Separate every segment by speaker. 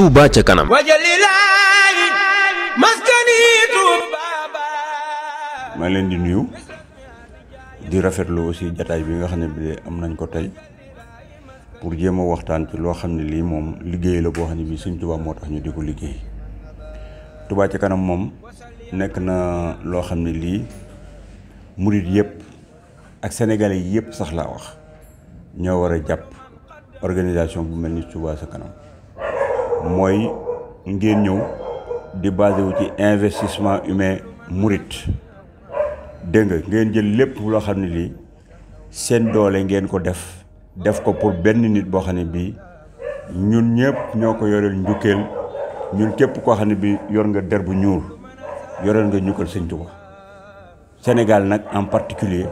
Speaker 1: Touba ca kanam wajalilaahi maa ngi leen di nuyu di rafetlu aussi jataay bi nga xam ne bi am nañ ko tey pour jéem a waxtaan ci loo xam ne lii moom liggéey la boo xam ne bii suñ Touba moo tax ñu di ko liggéey tubaa ca kanam moom nekk na loo xam ne lii murit yépp ak sénégalais yëpp sax laa wax ñoo war a jàpp organisation bu mel ni Touba ca kanam mooy ngeen ñëw di basé wu ci investissement humain murit dégg nga ngeen jël lépp loo xam ne lii seen doole ngeen ko def def ko pour benn nit boo xam ne bii ñun ñëpp ñoo ko yoreel njukkeel ñun képp koo xam ne bii yor nga der bu ñuul yoreel nga ñukkal sëñ Tuba Sénégal nag en particulier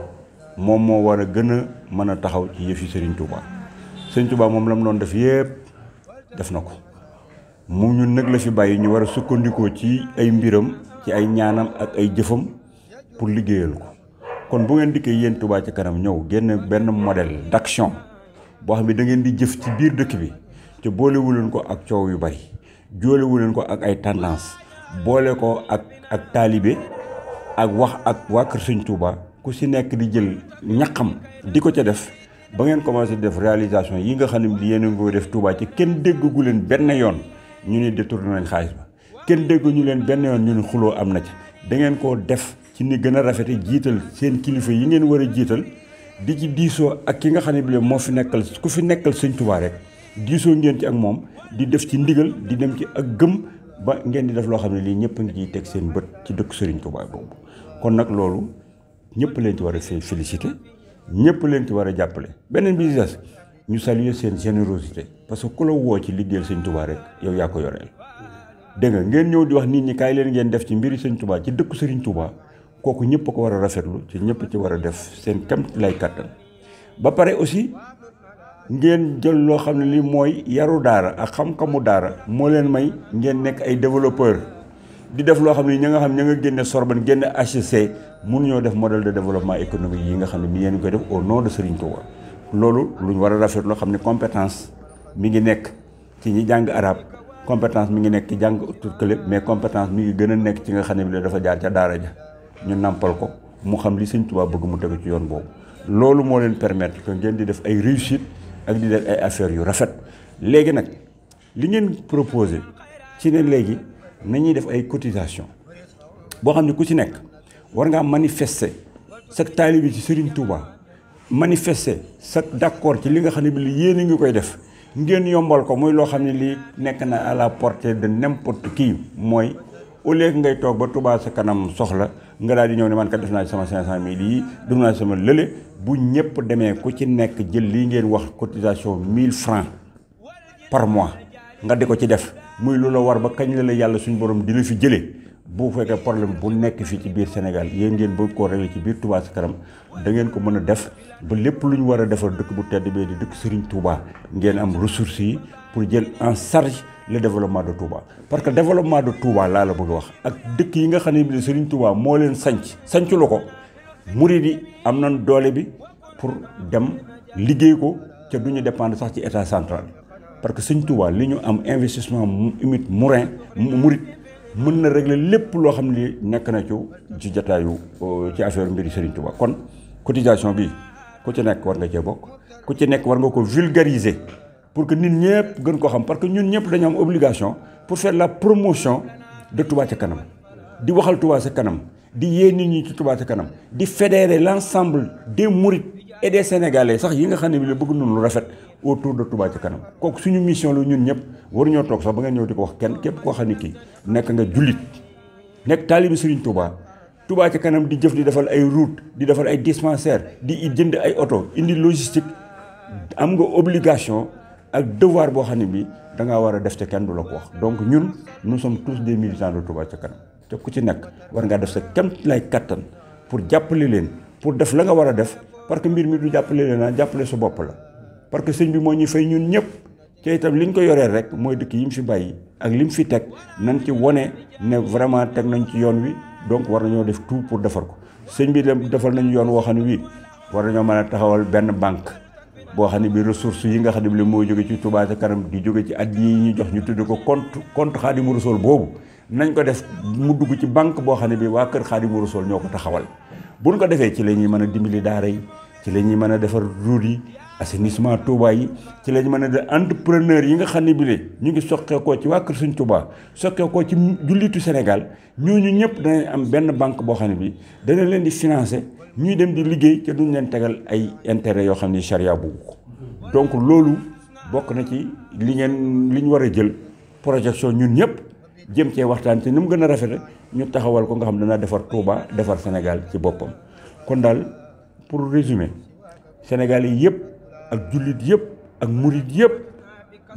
Speaker 1: moom moo war a gën a mën a taxaw ci yëfi sëriñ Tuba sëñ Tuba moom la mu doon def yëpp def na ko mu ñun nag la fi bàyyi ñu war a sukkandikoo ci ay mbiram ci ay ñaanam ak ay jëfam pour liggéeyal ko kon bu ngeen dikkee yéen Touba ca kanam ñëw génn benn modèle d'action boo xam ne da ngeen di jëf ci biir dëkk bi te boolewu leen ko ak coow yu bari joolewu leen ko ak ay tendance boole ko ak ak taalibe ak wax ak waa Kër Sëñ Touba ku si nekk di jël ñaqam di ko ca def ba ngeen commencé def réalisation yi nga xam ne yéen a ngi def Touba ci kenn déggagu leen benn yoon. ñu ni détourné nañ xaalis ba kenn dégguñu leen benn yoon ñu ni xuloo am na ci dangeen koo def ci ni gën a rafete jiital seen kilifa yi ngeen war a jiital di ci diisoo ak ki nga xam ne bi moo fi nekkal ku fi nekkal sëñ rek diisoo ngeen ak moom di def ci ndigal di dem ci ak gëm ba ngeen di def loo xam ne lii ñëpp ngi ciy teg seen bët ci dëkk sëriñ Tuubaa boobu kon nag loolu ñëpp leen ci war a félicité ñëpp leen ci war a jàppale beneen bi ñu saluer seen générosité parce que ku la woo ci liggéeyal sëñ Touba rek yow yaa ko yoreel dégg ngeen ñëw di wax nit ñi kaay leen ngeen def ci mbiri sëñ tubaa ci dëkku sëriñ Touba kooku ñëpp ko war a rafetlu ci ñëpp ci war a def seen kam lay kàttan ba pare aussi ngeen jël loo xam ne li mooy yaru daara ak xam-xamu daara moo leen may ngeen nekk ay développeur di def loo xam ne ñi nga xam ña nga génne Sorbonne génne HEC mun ñoo def modèle de développement yi nga xam ne mi ngeen koy def au nom de Serigne Touba loolu lu ñu war a rafet loo xam ne compétence mi ngi nekk ci ñi jàng arab compétence mi ngi nekk ci jàng turcale mais compétence mi ngi gën a nekk ci nga xam ne bi dafa jaar ca daara ja ñu nàmpal ko mu xam li Sëñ Tuubaa bëgg mu tegu ci yoon boobu loolu moo leen permettre que ngeen di def ay réussite ak di def ay affaires yu rafet léegi nag li ngeen proposé ci ne léegi nañuy def ay cotisation boo xam ne ku ci nekk war ngaa manifester sa taalibe bi ci Sëriñ Tuubaa manifester sa d'accord ci li nga xam ne bi li yéen a ngi koy def ngeen yombal ko muy loo xam ne lii nekk na à la portée de n'importe kii mooy au lieu ngay toog ba Touba sa kanam soxla nga daal di ñëw ne man kat def naa ci sama 500000 yii def naa sama lële bu ñëpp demee ku ci nekk jël lii ngeen wax cotisation mille francs par mois nga di ko ci def muy lu la war ba kañ la la yàlla suñu borom di la fi jëlee. bu fekkee problème bu nekk fii ci biir Sénégal yéen ngeen bëgg koo réglé ci biir Touba ca kanam da ngeen ko mën a def ba lépp lu ñu war a defal dëkk bu tedd bee di dëkk Serigne Touba ngeen am ressources yi pour jël en sarge li développement de Touba. parce que développement de Touba laa la bëgg wax ak dëkk yi nga xam ne bii Serigne Touba moo leen sanc sancu la ko murid yi am nañ doole bi pour dem liggéey ko te du ñu dépendre sax ci état central parce que Serigne Touba li ñu am investissement mu humide murin murid mën na régler lépp loo xam ni nekk na ci ci jataayu euh, ci affaire mbiri Serigne Touba kon cotisation bi ku ci nekk war nga cee bokk ku ci nekk war nga ko vulgariser pour que nit ñëpp gën ko xam parce que ñun ñëpp dañu am obligation pour faire la promotion de Touba ca kanam di waxal Touba ca kanam di yee nit ñi ci Touba kanam di fédérer l'ensemble des mourides et des sénégalais sax yi nga xam ne bi la bëgg nañu lu rafet autour de Touba ci kanam kooku suñu mission la ñun ñëpp waruñoo toog sax ba nga ñëw di ko wax kenn képp koo xam ne kii nekk nga jullit nekk taalibi Serigne Touba tubaa ci kanam di jëf di defal ay route di defal ay dispensaire di jënd ay oto indi logistique am nga obligation ak devoir boo xam ne bi da ngaa war a def ca kenn du la ko wax donc ñun nous sommes tous des militants de Touba ci kanam te ku ci nekk war ngaa def sa kem lay kattan pour jàppale leen pour def la nga war a def parce que mbir mi du jàppale leen naa ah, jàppale su bopp la parce que sëñ bi moo ñu fay ñun ñëpp te itam li ñu ko yoree rek mooy dikk yi mu fi bàyyi ak li mu fi teg nañ ci wone ne vraiment teg nañ ci yoon wi donc war nañoo def tout pour defar ko sëñ bi dem defal nañu yoon woo xam ne wii war nañoo mën a taxawal benn banque boo xam ne bi ressource yi nga xam ne bi moo jóge ci Touba ca kanam di jóge ci at yi ñu jox ñu tudd ko compte compte Xaadimu Rasuul boobu nañ ko def mu dugg ci banque boo xam ne bi waa kër Xaadimu Rasuul ñoo ko taxawal buñ ko defee ci la ñuy mën a dimbali daara yi ci la ñuy mën a defar route yi ni assainissement Touba yi ci la ñu mën a def entrepreneur yi nga xam ne bile ñu ngi soqeekoo ci waa Kër Sëñ Touba soqeekoo ci jullitu Sénégal ñooñu ñëpp danañ am benn banque boo xam ne bi dana leen di financer ñuy dem di liggéey ca duñ leen tegal ay intérêt yoo xam ni charia bugg ko donc loolu bokk na ci li ngeen li ñu war a jël projection ñun ñëpp. jëm cee waxtaan te ni mu gën a rafete ñu taxawal ko nga xam ne dana defar Touba defar Sénégal ci boppam kon daal pour résumer Sénégal yi yëpp ak jullit yëpp ak murit yëpp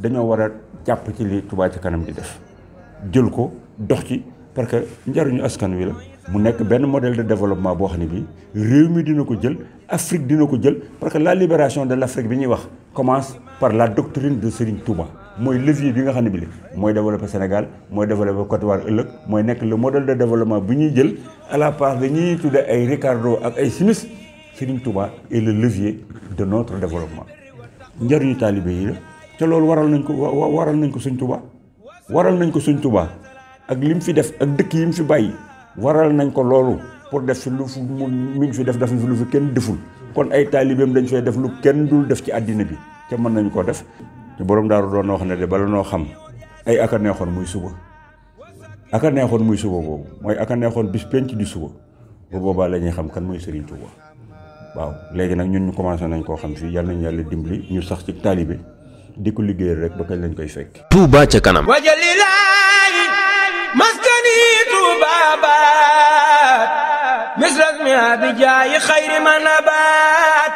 Speaker 1: dañoo war a jàpp ci lii Touba ci kanam di def jël ko dox ci parce que njariñu askan wi la mu nekk benn modèle de développement boo xam ne bii réew mi dina ko jël Afrique dina ko jël parce que la libération de l'Afrique bi ñuy wax commence par la doctrine de Serigne Touba mooy levier bi nga xam ne bii mooy développer Sénégal mooy développer Côte d'Ivoire ëllëg mooy nekk le modèle de développement bu ñuy jël à la place dañuy tuddee ay Ricardo ak ay Smith Serigne Touba est le levier de notre développement njariñu taalibe yi la te loolu waral nañ ko waral nañ ko suñ Touba waral nañ ko suñ tubaa ak li mu fi def ak dëkk yi mu fi bàyyi waral nañ ko loolu pour def fi lu fi mu ngi fi def def fi lu fi kenn deful kon ay taalibeem dañ fay def lu kenn dul def ci àddina bi te mën nañu ko def borom daaru doon na wax ne de noo xam ay aka neexoon muy suba aka neexoon muy suba boobu mooy aka neexoon bis penc di suba bu boobaa la ñuy xam kan mooy Serigne Touba waaw léegi nag ñun ñu commencé nañ koo xam fii yàlla nañu yàlla dimbali ñu sax ci taalibe di ko liggéeyal rek ba lañu lañ koy fekk. Touba ca kanam. wajalilaayi maskani Touba baat misras mi abijaayi xayri ma nabaat